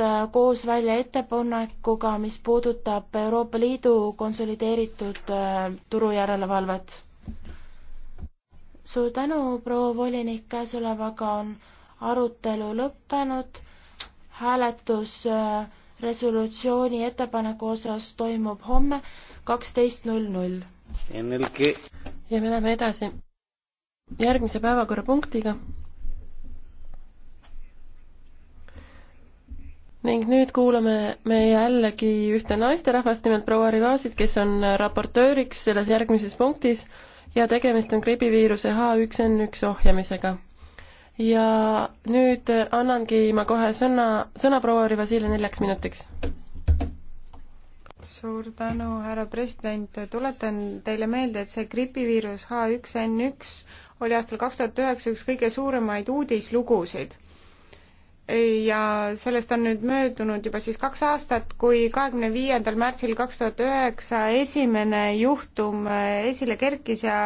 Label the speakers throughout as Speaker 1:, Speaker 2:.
Speaker 1: Äh, koos välja ettepanekuga, mis puudutab Euroopa Liidu konsolideeritud äh, turujärelevalvet. suur tänu, proua volinik, käesolevaga on arutelu lõppenud. hääletus äh, resolutsiooni ettepaneku osas toimub homme kaksteist
Speaker 2: null null. ja me läheme edasi järgmise päevakorrapunktiga ning nüüd kuulame me jällegi ühte naisterahvast, nimelt proua Rivasid, kes on raportööriks selles järgmises punktis ja tegemist on gripiviiruse H1N1 ohjamisega. ja nüüd annangi ma kohe sõna, sõna proua Rivasile neljaks minutiks.
Speaker 3: suur tänu, härra president, tuletan teile meelde, et see gripiviirus H1N1 oli aastal kaks tuhat üheksa üks kõige suuremaid uudislugusid ja sellest on nüüd möödunud juba siis kaks aastat, kui kahekümne viiendal märtsil kaks tuhat üheksa esimene juhtum äh, esile kerkis ja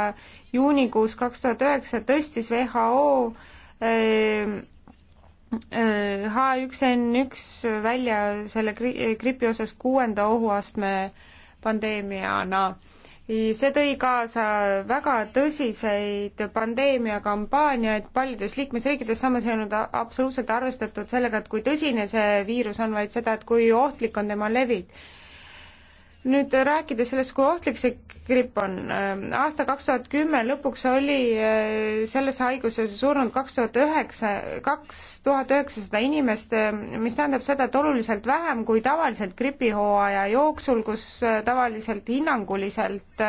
Speaker 3: juunikuus kaks tuhat üheksa tõstis WHO H1N1 äh, äh, välja selle gripi osas kuuenda ohuastme pandeemiana no see tõi kaasa väga tõsiseid pandeemiakampaaniaid paljudes liikmesriikides, samas ei olnud absoluutselt arvestatud sellega, et kui tõsine see viirus on, vaid seda, et kui ohtlik on tema levik nüüd äh, rääkides sellest, kui ohtlik see gripp on, äh, aasta kaks tuhat kümme lõpuks oli äh, sellesse haigusesse surnud kaks tuhat üheksa, kaks tuhat üheksasada inimest, mis tähendab seda, et oluliselt vähem kui tavaliselt gripihooaja jooksul, kus tavaliselt hinnanguliselt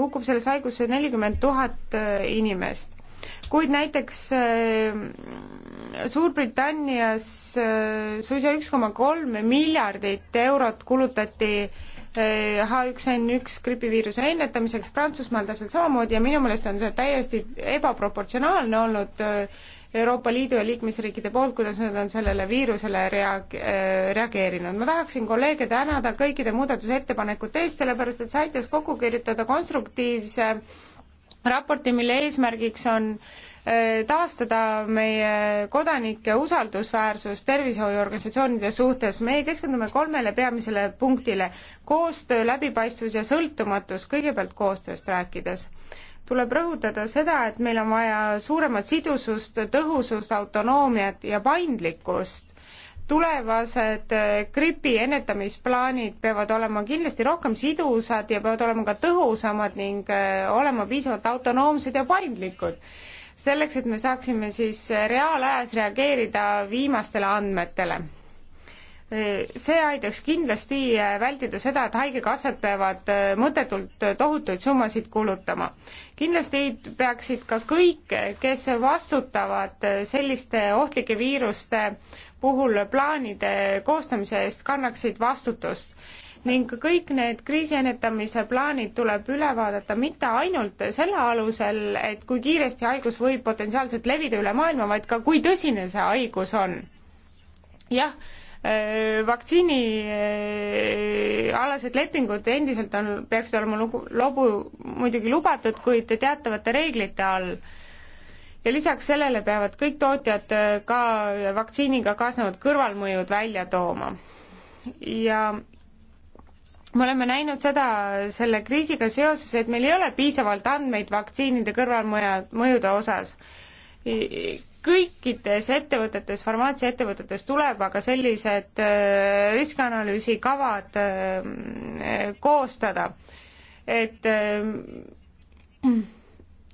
Speaker 3: hukkub selles haiguses nelikümmend tuhat inimest kuid näiteks äh, Suurbritannias äh, suisa üks koma kolm miljardit eurot kulutati H1N1 äh, gripiviiruse ennetamiseks Prantsusmaal täpselt samamoodi ja minu meelest on see täiesti ebaproportsionaalne olnud Euroopa Liidu ja liikmesriikide poolt, kuidas nad on sellele viirusele reag-, reageerinud. ma tahaksin kolleege tänada kõikide muudatusettepanekute eest, sellepärast et see aitas kokku kirjutada konstruktiivse äh, raporti, mille eesmärgiks on äh, taastada meie kodanike usaldusväärsus tervishoiuorganisatsioonide suhtes. meie keskendume kolmele peamisele punktile. koostöö, läbipaistvus ja sõltumatus, kõigepealt koostööst rääkides tuleb rõhutada seda, et meil on vaja suuremat sidusust, tõhusust, autonoomiat ja paindlikkust tulevased äh, gripi ennetamisplaanid peavad olema kindlasti rohkem sidusad ja peavad olema ka tõhusamad ning äh, olema piisavalt autonoomsed ja paindlikud. selleks, et me saaksime siis äh, reaalajas reageerida viimastele andmetele see aitaks kindlasti vältida seda, et haigekassad peavad mõttetult tohutuid summasid kulutama. kindlasti peaksid ka kõik, kes vastutavad selliste ohtlike viiruste puhul plaanide koostamise eest kannaksid vastutust ning kõik need kriisi ennetamise plaanid tuleb üle vaadata mitte ainult selle alusel, et kui kiiresti haigus võib potentsiaalselt levida üle maailma, vaid ka kui tõsine see haigus on. jah, äh, vaktsiinialased äh, lepingud endiselt on, peaksid olema lugu, lobu muidugi lubatud, kuid teatavate reeglite all ja lisaks sellele peavad kõik tootjad äh, ka vaktsiiniga kaasnevad kõrvalmõjud välja tooma. ja me oleme näinud seda selle kriisiga seoses, et meil ei ole piisavalt andmeid vaktsiinide kõrvalmõjude osas. kõikides ettevõtetes, farmaatsiaettevõtetes tuleb aga sellised äh, riskianalüüsi kavad äh, koostada, et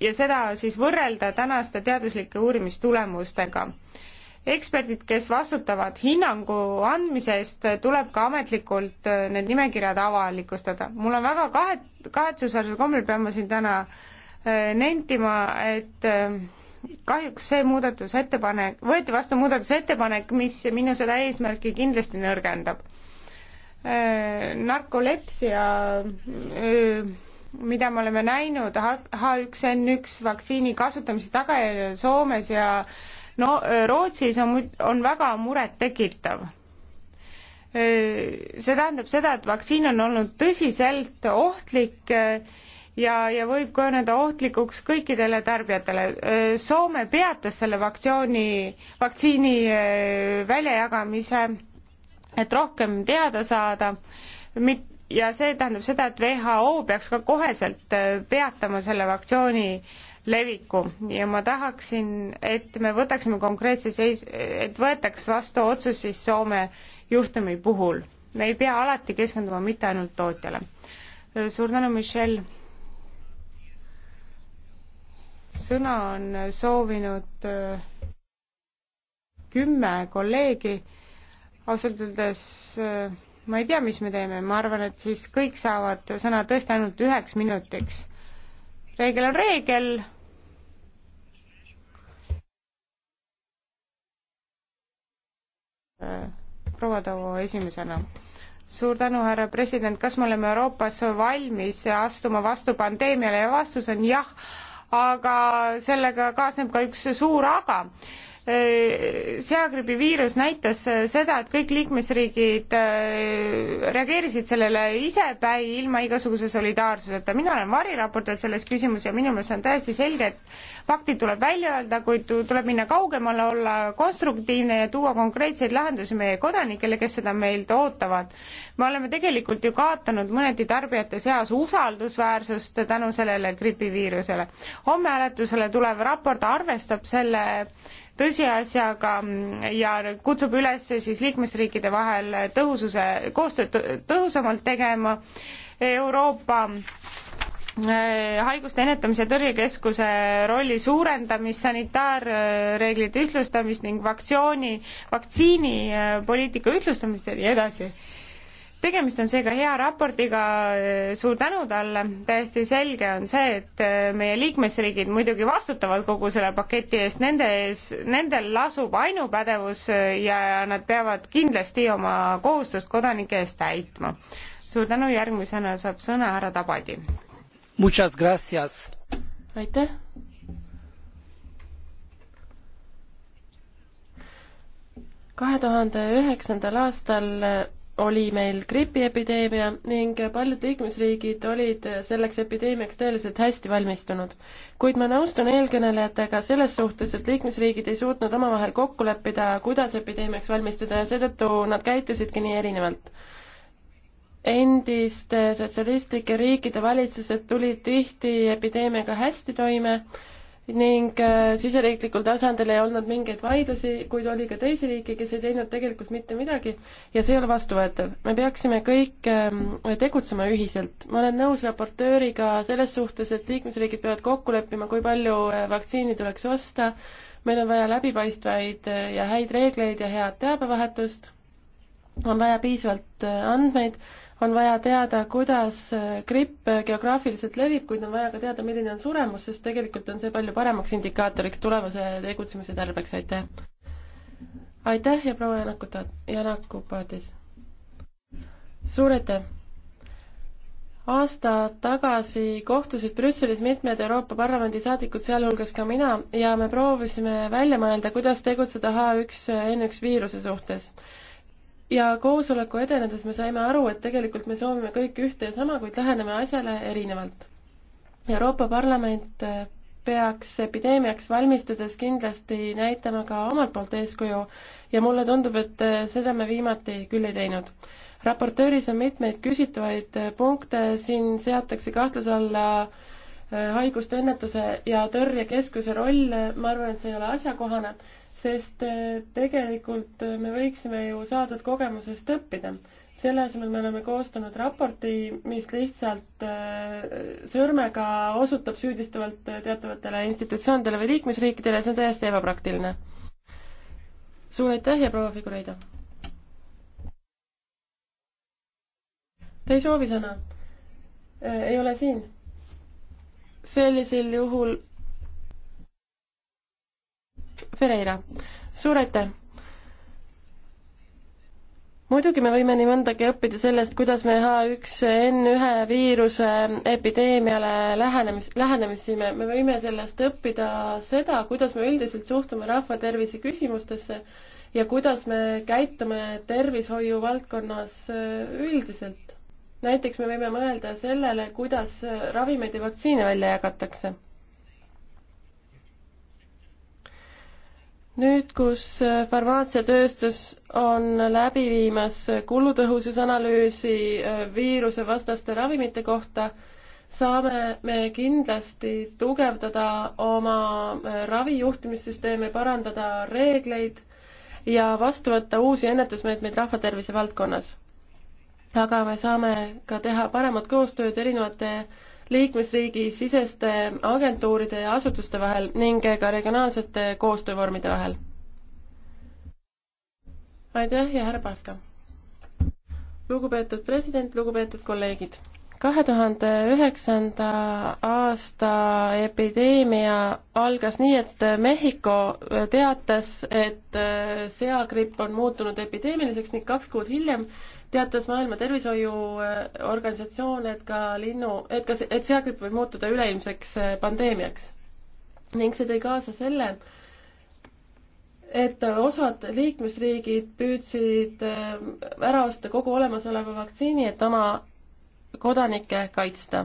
Speaker 3: ja seda siis võrrelda tänaste teaduslike uurimistulemustega. eksperdid, kes vastutavad hinnangu andmise eest, tuleb ka ametlikult äh, need nimekirjad avalikustada. mul on väga kahe, kahetsusväärsel kombel pean ma siin täna äh, nentima, et äh, kahjuks see muudatusettepanek, võeti vastu muudatusettepanek, mis minu seda eesmärki kindlasti nõrgendab narkolepsia mida me oleme näinud H1N1 vaktsiini kasutamise tagajärjel Soomes ja no Rootsis on, on väga murettekitav. see tähendab seda, et vaktsiin on olnud tõsiselt ohtlik eh, ja, ja võib kujuneda ohtlikuks kõikidele tarbijatele. Eh, Soome peatas selle vaktsiooni, vaktsiini eh, väljajagamise, et rohkem teada saada, mit-, ja see tähendab seda, et WHO peaks ka koheselt äh, peatama selle vaktsiooni leviku ja ma tahaksin, et me võtaksime konkreetse seis, et võetaks vastu otsus siis Soome juhtumi puhul. me ei pea alati keskenduma mitte ainult tootjale. Äh, suur tänu, Michelle. sõna on soovinud äh, kümme kolleegi, ausalt öeldes äh, ma ei tea, mis me teeme, ma arvan, et siis kõik saavad sõna tõesti ainult üheks minutiks. reegel on reegel. proua Tavo esimesena suur tänu, härra president, kas me oleme Euroopas valmis astuma vastu pandeemiale ja vastus on jah, aga sellega kaasneb ka üks suur aga Äh, seagripi viirus näitas äh, seda, et kõik liikmesriigid äh, reageerisid sellele isepäi ilma igasuguse solidaarsuseta. mina olen variraportöör selles küsimuses ja minu meelest on täiesti selge, et faktid tuleb välja öelda, kuid tuleb minna kaugemale, olla konstruktiivne ja tuua konkreetseid lahendusi meie kodanikele, kes seda meilt ootavad. me oleme tegelikult ju kaotanud mõneti tarbijate seas usaldusväärsust tänu sellele gripiviirusele. homme hääletusele tulev raport arvestab selle tõsiasjaga ja kutsub üles siis liikmesriikide vahel tõhususe, koostööd tõhusamalt tegema. Euroopa äh, haiguste ennetamise tõrjekeskuse rolli suurendamist, sanitaarreeglite ühtlustamist ning vaktsiooni, vaktsiinipoliitika ühtlustamist ja nii edasi tegemist on seega hea raportiga, suur tänu talle, täiesti selge on see, et äh, meie liikmesriigid muidugi vastutavad kogu selle paketi eest, nende ees, nendel lasub ainupädevus äh, ja nad peavad kindlasti oma kohustust kodanike eest täitma. suur tänu, järgmisena saab sõna härra
Speaker 2: Tabadi.
Speaker 1: Muchas gracias.
Speaker 2: aitäh. kahe tuhande üheksandal aastal oli meil gripiepideemia ning paljud liikmesriigid olid selleks epideemiaks tõeliselt hästi valmistunud. kuid ma nõustun eelkõnelejatega selles suhtes, et liikmesriigid ei suutnud omavahel kokku leppida, kuidas epideemiaks valmistuda ja seetõttu nad käitusidki nii erinevalt. endiste sotsialistlike riikide valitsused tulid tihti epideemiaga hästi toime ning äh, siseriiklikul tasandil ei olnud mingeid vaidlusi, kuid oli ka teisi riike, kes ei teinud tegelikult mitte midagi ja see ei ole vastuvõetav. me peaksime kõik ähm, tegutsema ühiselt. ma olen nõus raportööriga selles suhtes, et liikmesriigid peavad kokku leppima, kui palju äh, vaktsiini tuleks osta, meil on vaja läbipaistvaid äh, ja häid reegleid ja head teabevahetust, on vaja piisavalt andmeid on vaja teada, kuidas gripp geograafiliselt levib, kuid on vaja ka teada, milline on suremus, sest tegelikult on see palju paremaks indikaatoriks tulevase tegutsemise tarbeks, aitäh. aitäh ja proua Janakuta, Janakupaadis. suur aitäh! aasta tagasi kohtusid Brüsselis mitmed Euroopa Parlamendi saadikud, sealhulgas ka mina, ja me proovisime välja mõelda, kuidas tegutseda H1N1 viiruse suhtes ja koosoleku edenedes me saime aru, et tegelikult me soovime kõik ühte ja sama, kuid läheneme asjale erinevalt. Euroopa Parlament eh, peaks epideemiaks valmistudes kindlasti näitama ka omalt poolt eeskuju ja mulle tundub, et eh, seda me viimati küll ei teinud. raportööris on mitmeid küsitavaid eh, punkte, siin seatakse kahtluse alla äh, Äh, haiguste ennetuse ja tõrje keskuse roll, äh, ma arvan, et see ei ole asjakohane, sest äh, tegelikult me võiksime ju saadud kogemusest õppida. selle asemel me oleme koostanud raporti, mis lihtsalt sõrmega osutab süüdistavalt teatavatele institutsioonidele või liikmesriikidele, see on täiesti ebapraktiline. suur aitäh ja proua Figureido! Te ei soovi sõna? ei ole siin sellisel juhul Pereira, suur aitäh! muidugi me võime nii mõndagi õppida sellest, kuidas me H1N1 viiruse epideemiale lähenemis, lähenemisime, me võime sellest õppida seda, kuidas me üldiselt suhtume rahvatervise küsimustesse ja kuidas me käitume tervishoiu valdkonnas üldiselt näiteks me võime mõelda sellele, kuidas ravimeid ja vaktsiine välja jagatakse. nüüd, kus farmaatsiatööstus on läbi viimas kulutõhususanalüüsi äh, viirusevastaste ravimite kohta, saame me kindlasti tugevdada oma äh, ravijuhtimissüsteeme, parandada reegleid ja vastu võtta uusi ennetusmeetmeid rahvatervise valdkonnas aga me saame ka teha paremat koostööd erinevate liikmesriigi siseste agentuuride ja asutuste vahel ning ka regionaalsete koostöövormide vahel. aitäh ja härra Paska! lugupeetud president, lugupeetud kolleegid! kahe tuhande üheksanda aasta epideemia algas nii, et Mehhiko teatas, et seagripp on muutunud epideemiliseks ning kaks kuud hiljem teatas Maailma Tervishoiuorganisatsioon, et ka linnu, et kas, et seagripp võib muutuda üleilmseks äh, pandeemiaks. ning see tõi kaasa selle, et osad liikmesriigid püüdsid äh, ära osta kogu olemasoleva vaktsiini, et oma kodanikke kaitsta.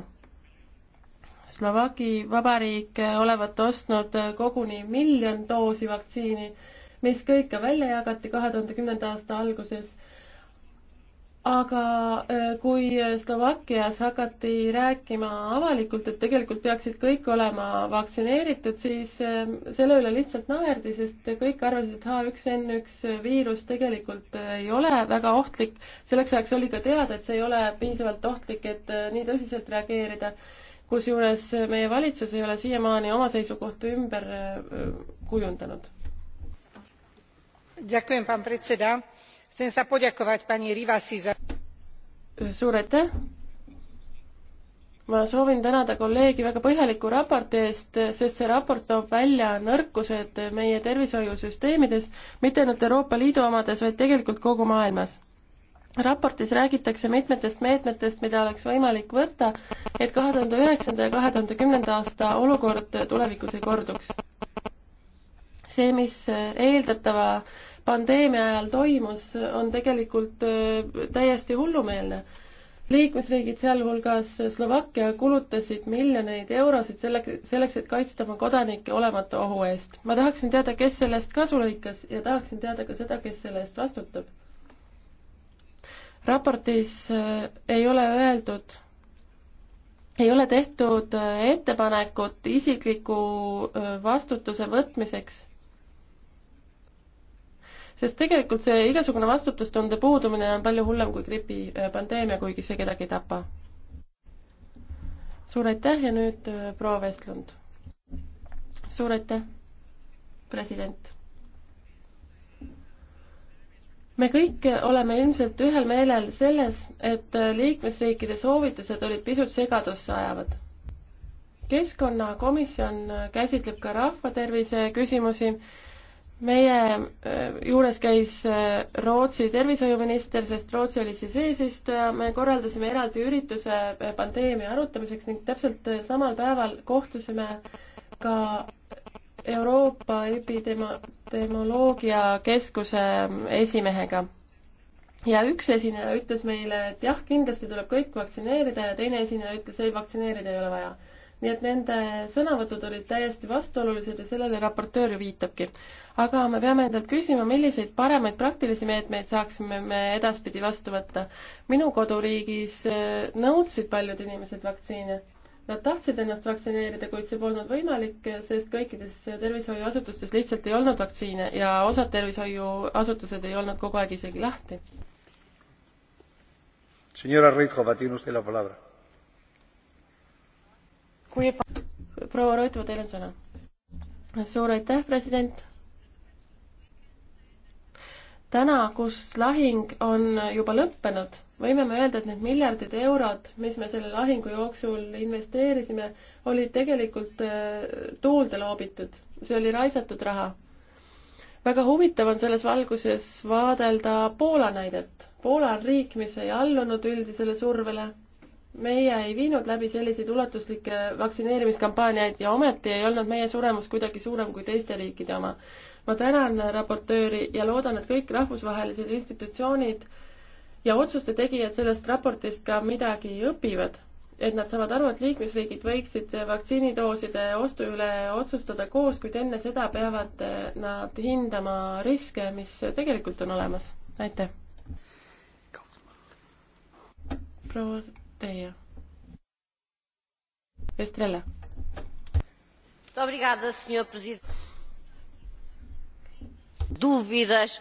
Speaker 2: Slovaki Vabariik äh, olevat ostnud koguni miljon doosi vaktsiini, mis kõik ka välja jagati kahe tuhande kümnenda aasta alguses aga äh, kui Slovakkias hakati rääkima avalikult, et tegelikult peaksid kõik olema vaktsineeritud, siis äh, selle üle lihtsalt naerdi, sest kõik arvasid, et H1N1 viirus tegelikult äh, ei ole väga ohtlik. selleks ajaks oli ka teada, et see ei ole piisavalt ohtlik, et nii tõsiselt reageerida. kusjuures meie valitsus ei ole siiamaani oma seisukohta ümber kujundanud.
Speaker 3: Ďakujem, pán predseda chcem sa poďakovať pani rivasi za
Speaker 2: suur aitäh! ma soovin tänada kolleegi väga põhjaliku raporti eest, sest see raport toob välja nõrkused meie tervishoiusüsteemides, mitte ainult Euroopa Liidu omades, vaid tegelikult kogu maailmas. raportis räägitakse mitmetest meetmetest, mida oleks võimalik võtta, et kahe tuhande üheksanda ja kahe tuhande kümnenda aasta olukord tulevikus ei korduks. see, mis eeldatava äh, pandeemia ajal toimus, on tegelikult äh, täiesti hullumeelne. liikmesriigid, sealhulgas Slovakkia, kulutasid miljoneid eurosid selleks, selleks, et kaitsta oma kodanikke olematu ohu eest. ma tahaksin teada, kes selle eest kasu lõikas ja tahaksin teada ka seda, kes selle eest vastutab. raportis äh, ei ole öeldud, ei ole tehtud äh, ettepanekut isikliku vastutuse võtmiseks sest tegelikult see igasugune vastutustunde puudumine on palju hullem kui gripipandeemia, äh, kuigi see kedagi ei tapa. suur aitäh ja nüüd äh, proua Vestlund. suur aitäh, president me kõik äh, oleme ilmselt ühel meelel selles, et liikmesriikide soovitused olid pisut segadusse ajavad. keskkonnakomisjon käsitleb ka rahvatervise küsimusi meie äh, juures käis äh, Rootsi tervishoiuminister, sest Rootsi oli siis eesistuja, me korraldasime eraldi ürituse äh, pandeemia arutamiseks ning täpselt samal päeval kohtusime ka Euroopa Epidemioloogia Keskuse ähm, esimehega. ja üks esineja ütles meile, et jah, kindlasti tuleb kõik vaktsineerida ja teine esineja ütles, ei, vaktsineerida ei ole vaja nii et nende sõnavõtud olid täiesti vastuolulised ja sellele raportöör ju viitabki aga me peame endalt küsima, milliseid paremaid praktilisi meetmeid saaksime me edaspidi vastu võtta. minu koduriigis äh, nõudsid paljud inimesed vaktsiine. Nad tahtsid ennast vaktsineerida, kuid see polnud võimalik, äh, sest kõikides äh, tervishoiuasutustes lihtsalt ei olnud vaktsiine ja osad tervishoiuasutused ei olnud kogu aeg isegi lahti. proua Roitova, teil on sõna. suur aitäh, president täna, kus lahing on juba lõppenud, võime me öelda, et need miljardid eurod, mis me selle lahingu jooksul investeerisime, olid tegelikult äh, tuulde loobitud, see oli raisatud raha. väga huvitav on selles valguses vaadelda Poola näidet. Poola on riik, mis ei allunud üldisele survele meie ei viinud läbi selliseid ulatuslikke vaktsineerimiskampaaniaid ja ometi ei olnud meie suremus kuidagi suurem kui teiste riikide oma. ma tänan raportööri ja loodan, et kõik rahvusvahelised institutsioonid ja otsuste tegijad sellest raportist ka midagi õpivad, et nad saavad aru, et liikmesriigid võiksid vaktsiinidooside ostu üle otsustada koos, kuid enne seda peavad nad hindama riske, mis tegelikult on olemas. aitäh! proua teie. Estrela.
Speaker 1: Obrigada, senhor presidente. Dúvidas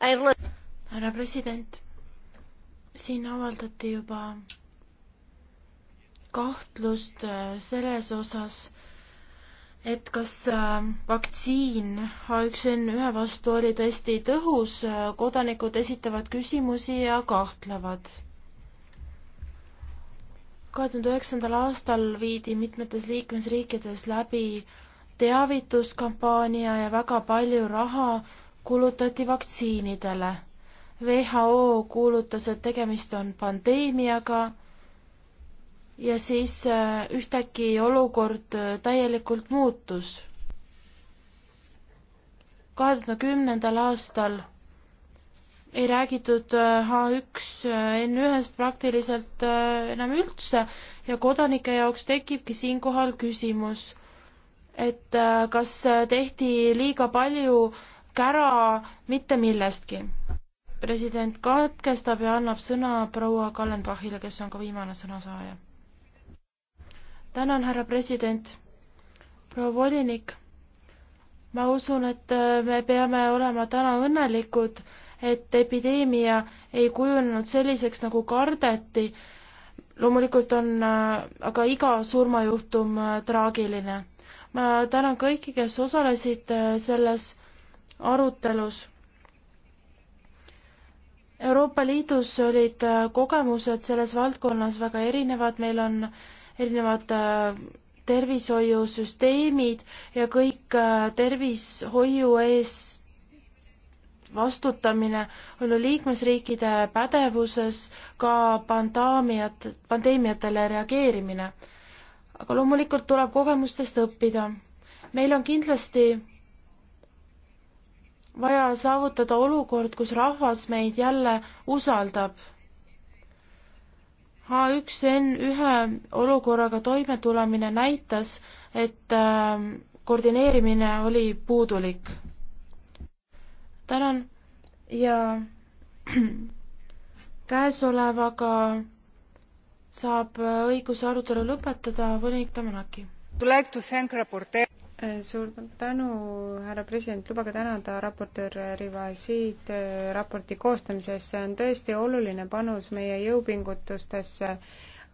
Speaker 1: em relação. härra president, siin avaldati juba kahtlust äh, selles osas, et kas äh, vaktsiin H1N1 vastu oli tõesti tõhus, äh, kodanikud esitavad küsimusi ja kahtlevad kahe tuhande üheksandal aastal viidi mitmetes liikmesriikides läbi teavituskampaania ja väga palju raha kulutati vaktsiinidele. WHO kuulutas, et tegemist on pandeemiaga ja siis äh, ühtäkki olukord äh, täielikult muutus. kahe tuhande kümnendal aastal ei räägitud H1N1-st äh, äh, praktiliselt äh, enam üldse ja kodanike jaoks tekibki siinkohal küsimus, et kas tehti liiga palju kära mitte millestki. president katkestab ja annab sõna proua Kallenbachile, kes on ka viimane sõnasaaja. tänan, härra president, proua volinik ma usun, et me peame olema täna õnnelikud, et epideemia ei kujunenud selliseks, nagu kardeti. loomulikult on äh, aga iga surmajuhtum äh, traagiline. ma tänan kõiki, kes osalesid äh, selles arutelus Euroopa Liidus olid kogemused selles valdkonnas väga erinevad, meil on erinevad tervishoiusüsteemid ja kõik tervishoiu eest vastutamine on ju liikmesriikide pädevuses ka pandaamiat, pandeemiatele reageerimine. aga loomulikult tuleb kogemustest õppida. meil on kindlasti vaja saavutada olukord, kus rahvas meid jälle usaldab. H1N1 olukorraga toimetulemine näitas, et äh, koordineerimine oli puudulik tänan ja käesolevaga saab õiguse arutelu lõpetada volinik Tamanaki. Äh, suur tänu,
Speaker 3: härra president, lubage tänada raportöör Rivasid äh, raporti koostamise eest, see on tõesti oluline panus meie jõupingutustesse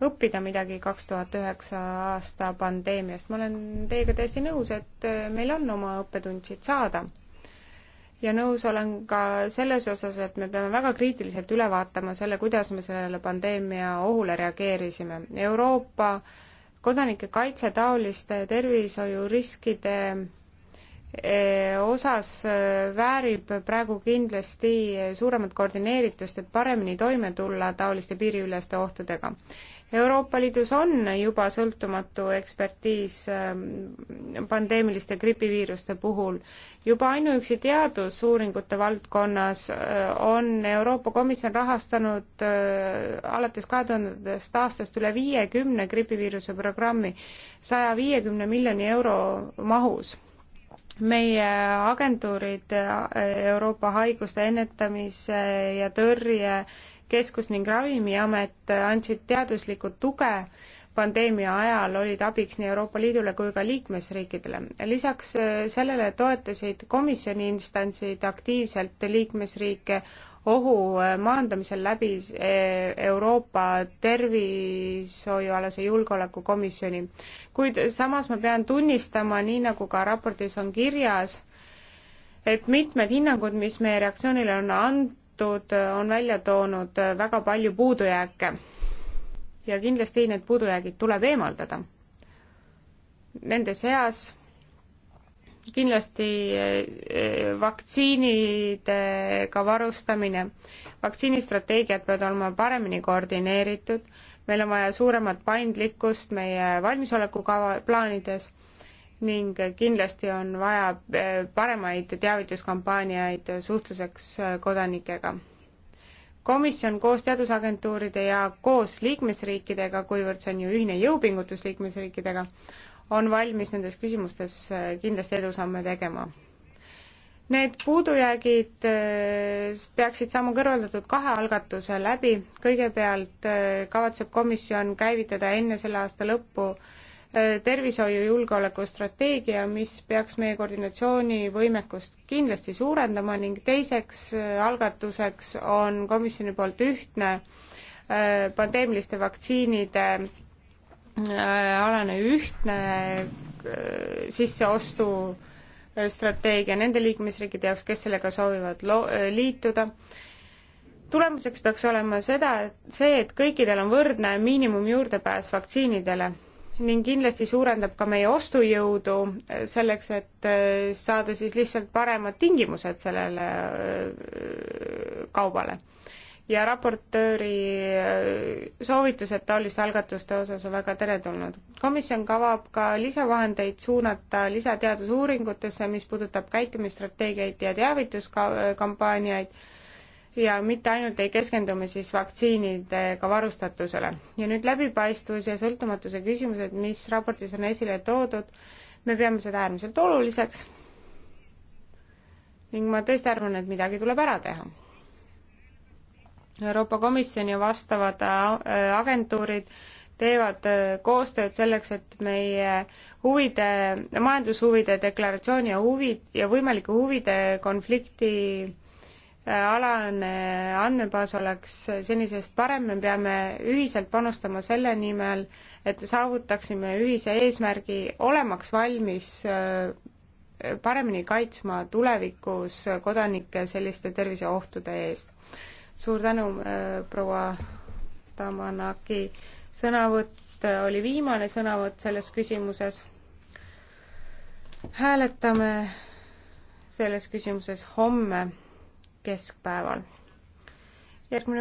Speaker 3: õppida midagi kahe tuhat üheksa aasta pandeemiast. ma olen teiega täiesti nõus, et äh, meil on oma õppetund siit saada ja nõus olen ka selles osas, et me peame väga kriitiliselt üle vaatama selle, kuidas me sellele pandeemia ohule reageerisime. Euroopa kodanike kaitse taoliste tervishoiuriskide e, osas e, väärib praegu kindlasti suuremat koordineeritust, et paremini toime tulla taoliste piiriüleste ohtudega. Euroopa Liidus on juba sõltumatu ekspertiis ähm, pandeemiliste gripiviiruste puhul. juba ainuüksi teadusuuringute valdkonnas äh, on Euroopa Komisjon rahastanud äh, alates kahe tuhandendast aastast üle viiekümne gripiviiruse programmi saja viiekümne miljoni euro mahus meie agentuurid äh, Euroopa haiguste ennetamise ja tõrje Keskus ning Ravimiamet andsid teaduslikku tuge pandeemia ajal olid abiks nii Euroopa Liidule kui ka liikmesriikidele. lisaks äh, sellele toetasid komisjoni instantsid aktiivselt liikmesriike ohu äh, maandamisel läbi äh, Euroopa tervishoiualase julgeolekukomisjoni. kuid samas ma pean tunnistama, nii nagu ka raportis on kirjas, et mitmed hinnangud, mis meie reaktsioonile on and-, Liidud on välja toonud äh, väga palju puudujääke ja kindlasti need puudujäägid tuleb eemaldada. Nende seas kindlasti äh, äh, vaktsiinidega varustamine, vaktsiinistrateegiad peavad olema paremini koordineeritud, meil on vaja suuremat paindlikkust meie valmisolekukava plaanides ning kindlasti on vaja eh, paremaid teavituskampaaniaid suhtluseks eh, kodanikega. komisjon koos teadusagentuuride ja koos liikmesriikidega, kuivõrd see on ju ühine jõupingutus liikmesriikidega, on valmis nendes küsimustes eh, kindlasti edusamme tegema. Need puudujäägid peaksid saama kõrvaldatud kahe algatuse läbi, kõigepealt kavatseb komisjon käivitada enne selle aasta lõppu tervishoiu julgeolekustrateegia, mis peaks meie koordinatsioonivõimekust kindlasti suurendama ning teiseks äh, algatuseks on komisjoni poolt ühtne äh, pandeemiliste vaktsiinide äh, alane ühtne sisseostu strateegia nende liikmesriikide jaoks, kes sellega soovivad lo-, liituda. tulemuseks peaks olema seda, et see, et kõikidel on võrdne miinimum juurdepääs vaktsiinidele ning kindlasti suurendab ka meie ostujõudu eh, selleks, et eh, saada siis lihtsalt paremad tingimused sellele eh, kaubale. ja raportööri soovitused taoliste algatuste osas on väga teretulnud. komisjon kavab ka lisavahendeid suunata lisateadusuuringutesse, mis puudutab käitumisstrateegiaid ja teavituskampaaniaid ka ja mitte ainult ei keskendu me siis vaktsiinidega varustatusele. ja nüüd läbipaistvus ja sõltumatuse küsimused, mis raportis on esile toodud, me peame seda äärmiselt oluliseks ning ma tõesti arvan, et midagi tuleb ära teha. Euroopa Komisjon ja vastavad äh, agentuurid teevad äh, koostööd selleks, et meie huvide, majandushuvide deklaratsiooni ja huvid ja võimalike huvide konflikti alane andmebaas oleks senisest parem, me peame ühiselt panustama selle nimel, et saavutaksime ühise eesmärgi, olemaks valmis äh, paremini kaitsma tulevikus kodanikke selliste terviseohtude eest. suur tänu, äh, proua Tamanaki, sõnavõtt äh, oli viimane sõnavõtt selles küsimuses. hääletame selles küsimuses homme keskpäeval. järgmine